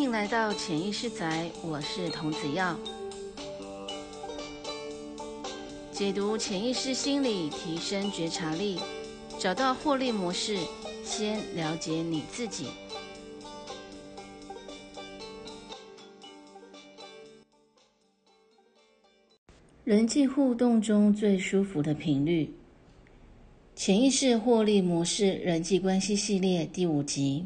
歡迎來到潛意識宅，我是童子耀，解讀潛意識心理，提升覺察力，找到獲利模式，先了解你自己。人際互動中最舒服的頻率，潛意識獲利模式人際關係系列第五集。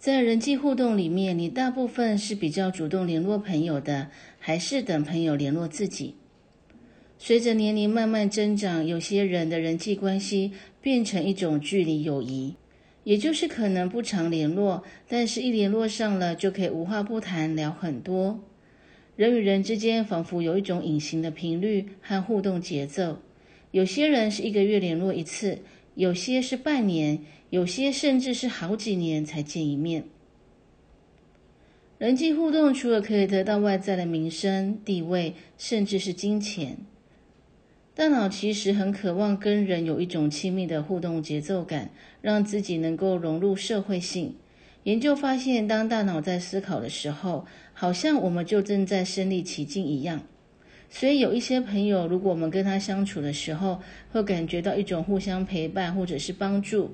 在人際互動裡面，你大部分是比較主動聯絡朋友的，還是等朋友聯絡自己？隨着年齡慢慢增長，有些人的人際關係變成一種距離友誼，也就是可能不常聯絡，但是一聯絡上了就可以無話不談，聊很多。人與人之間仿佛有一種隱形的頻率和互動節奏。有些人是一個月聯絡一次，有些是半年。有些甚至是好幾年才見一面。人際互動除了可以得到外在的名聲、地位，甚至是金錢，大腦其實很渴望跟人有一種親密的互動節奏感，讓自己能夠融入社會性。研究發現，當大腦在思考的時候，好像我們就正在身歷其境一樣。所以有一些朋友，如果我們跟他相處的時候，會感覺到一種互相陪伴或者是幫助。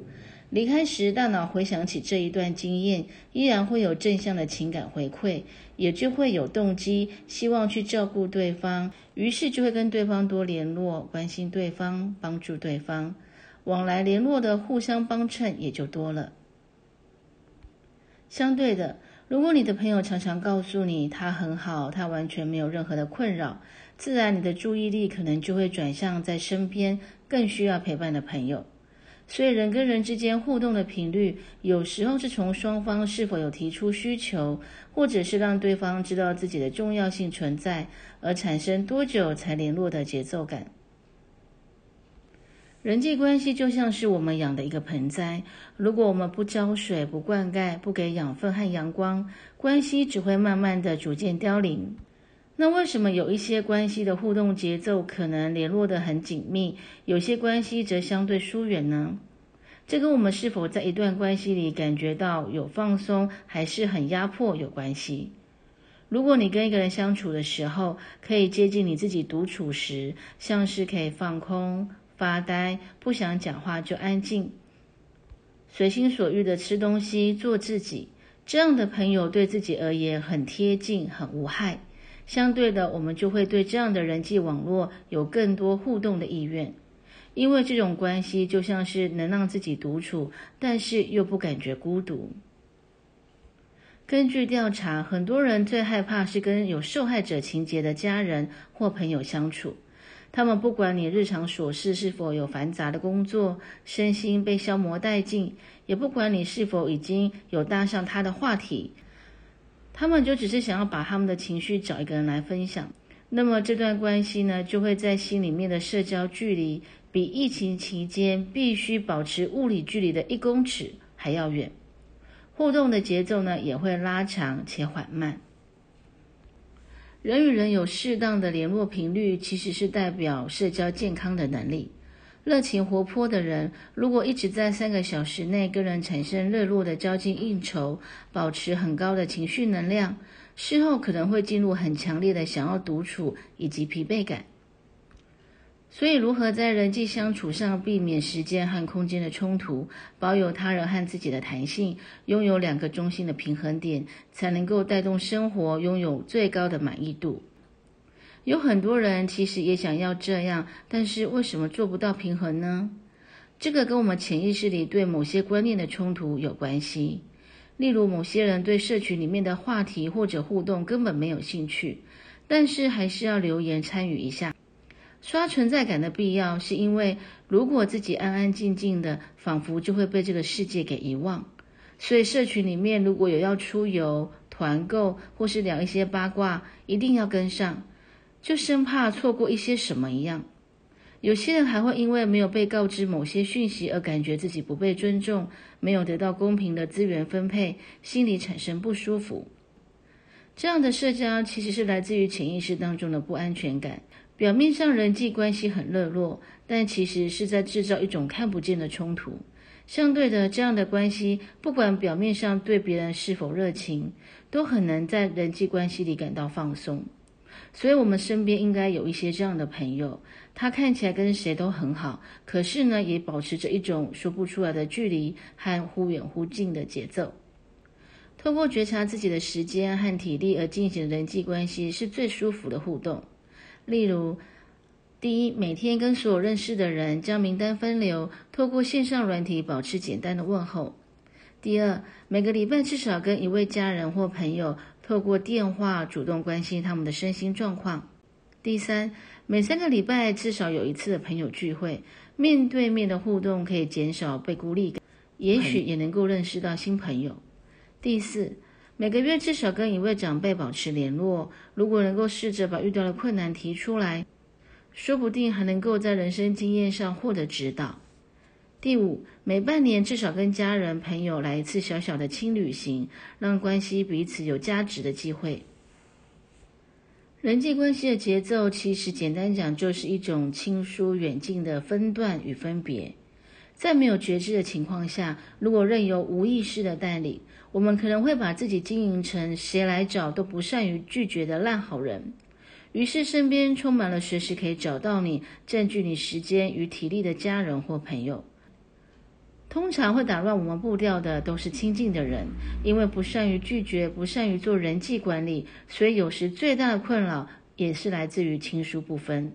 離開時，大腦回想起這一段經驗，依然會有正向的情感回饋，也就會有動機希望去照顧對方，於是就會跟對方多聯絡、關心對方、幫助對方，往來聯絡的互相幫襯也就多了。相對的，如果你的朋友常常告訴你他很好，他完全沒有任何的困擾，自然你的注意力可能就會轉向在身邊更需要陪伴的朋友。所以，人跟人之間互動的頻率，有時候是從雙方是否有提出需求，或者是讓對方知道自己的重要性存在，而產生多久才聯絡的節奏感。人際關係就像是我們養的一個盆栽，如果我們不澆水、不灌溉、不給養分和陽光，關係只會慢慢的逐漸凋零。那為什麼有一些關係的互動節奏可能聯絡得很緊密，有些關係則相對疏遠呢？這跟我們是否在一段關係裡感覺到有放鬆，還是很壓迫有關係。如果你跟一個人相處的時候，可以接近你自己獨處時，像是可以放空、發呆，不想講話就安靜，隨心所欲的吃東西、做自己，這樣的朋友對自己而言很貼近、很無害。相對的，我們就會對這樣的人際網絡有更多互動的意願，因為這種關係就像是能讓自己獨處，但是又不感覺孤獨。根據調查，很多人最害怕是跟有受害者情結的家人或朋友相處，他們不管你日常瑣事是否有繁雜的工作，身心被消磨殆盡，也不管你是否已經有搭上他的話題。他們就只是想要把他們的情緒找一個人來分享，那麼這段關係呢，就會在心裡面的社交距離比疫情期間必須保持物理距離的一公尺還要遠，互動的節奏呢，也會拉長且緩慢。人與人有適當的聯絡頻率，其實是代表社交健康的能力。熱情活潑的人，如果一直在三個小時內跟人產生熱絡的交際應酬，保持很高的情緒能量，事後可能會進入很強烈的想要獨處以及疲憊感。所以，如何在人際相處上避免時間和空間的衝突，保有他人和自己的彈性，擁有兩個中心的平衡點，才能夠帶動生活擁有最高的滿意度。有很多人其實也想要這樣，但是為什麼做不到平衡呢？這個跟我們潛意識裡對某些觀念的衝突有關係。例如，某些人對社群裡面的話題或者互動根本沒有興趣，但是還是要留言參與一下。刷存在感的必要，是因為如果自己安安靜靜的，仿佛就會被這個世界給遺忘。所以，社群裡面如果有要出遊、團購或是聊一些八卦，一定要跟上。就生怕錯過一些什麼一樣，有些人還會因為沒有被告知某些訊息而感覺自己不被尊重，沒有得到公平的資源分配，心裡產生不舒服。這樣的社交其實是來自於潛意識當中的不安全感。表面上人際關係很熱絡，但其實是在制造一種看不見的衝突。相對的，這樣的關係，不管表面上對別人是否熱情，都很難在人際關係裡感到放鬆。所以我們身邊應該有一些這樣的朋友，他看起來跟誰都很好，可是呢，也保持着一種說不出來的距離和忽遠忽近的節奏。透過覺察自己的時間和體力而進行人際關係，是最舒服的互動。例如，第一，每天跟所有認識的人將名單分流，透過線上軟體保持簡單的問候；第二，每個禮拜至少跟一位家人或朋友。透過電話主動關心他們的身心狀況。第三，每三個禮拜至少有一次的朋友聚會，面對面的互動可以減少被孤立感，也許也能夠認識到新朋友。嗯、第四，每個月至少跟一位長輩保持聯絡，如果能夠試着把遇到的困難提出來，說不定還能夠在人生經驗上獲得指導。第五，每半年至少跟家人朋友來一次小小的輕旅行，讓關係彼此有價值的機會。人際關係的節奏其實簡單講，就是一種親疏遠近的分段與分別。在沒有覺知的情況下，如果任由無意識的帶領，我們可能會把自己經營成誰來找都不善於拒絕的爛好人。於是身邊充滿了隨時可以找到你、佔據你時間與體力的家人或朋友。通常會打亂我們步調的都是親近的人，因為不善於拒絕，不善於做人際管理，所以有時最大的困擾也是來自於親疏不分。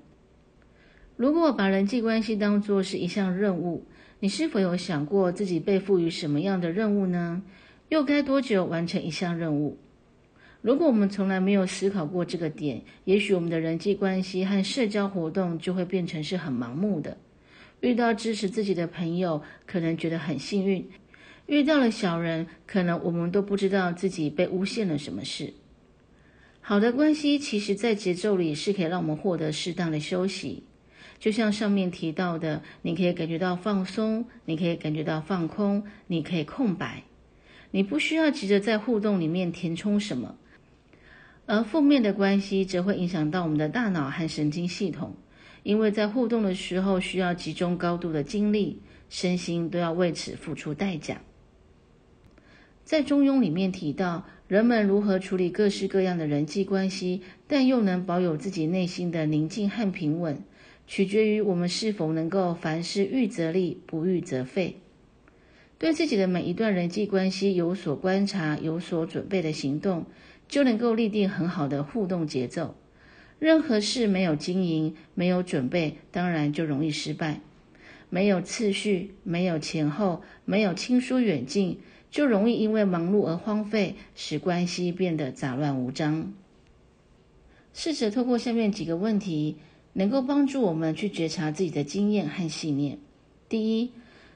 如果把人際關係當作是一項任務，你是否有想過自己被賦予什麼樣的任務呢？又該多久完成一項任務？如果我們從來沒有思考過這個點，也許我們的人際關係和社交活動就會變成是很盲目的。遇到支持自己的朋友，可能覺得很幸運；遇到了小人，可能我們都不知道自己被誣陷了什麼事。好的關係，其實在節奏裡是可以讓我們獲得適當的休息，就像上面提到的，你可以感覺到放鬆，你可以感覺到放空，你可以空白，你不需要急着在互動裡面填充什麼。而負面的關係，則會影響到我們的大腦和神經系統。因為在互動的時候，需要集中高度的精力，身心都要為此付出代價。在《中庸》裡面提到，人們如何處理各式各樣的人際關係，但又能保有自己內心的寧靜和平穩，取決於我們是否能夠凡事預則立，不預則廢。對自己的每一段人際關係有所觀察、有所準備的行動，就能夠立定很好的互動節奏。任何事沒有經營、沒有準備，當然就容易失敗；沒有次序、沒有前後、沒有親疏遠近，就容易因為忙碌而荒廢，使關係變得雜亂無章。試着透過下面幾個問題，能夠幫助我們去覺察自己的經驗和信念。第一，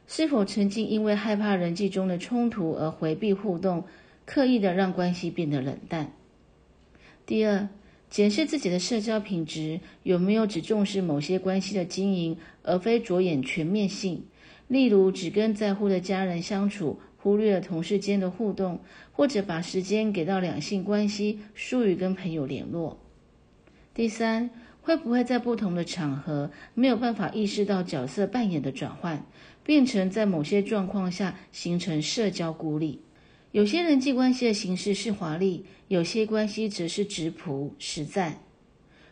是否曾經因為害怕人際中的衝突而回避互動，刻意的讓關係變得冷淡？第二。檢視自己的社交品質，有沒有只重視某些關係的經營，而非着眼全面性。例如，只跟在乎的家人相處，忽略了同事間的互動，或者把時間給到兩性關係，疏於跟朋友聯絡。第三，會不會在不同的場合沒有辦法意識到角色扮演的轉換，變成在某些狀況下形成社交孤立？有些人際關係的形式是華麗，有些關係則是質樸實在。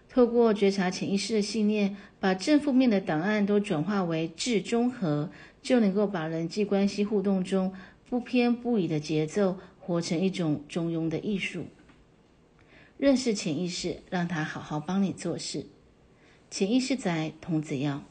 透過覺察潛意識的信念，把正負面的檔案都轉化為致中和，就能夠把人際關係互動中不偏不倚的節奏，活成一種中庸的藝術。認識潛意識，讓他好好幫你做事。潛意識宅童子藥。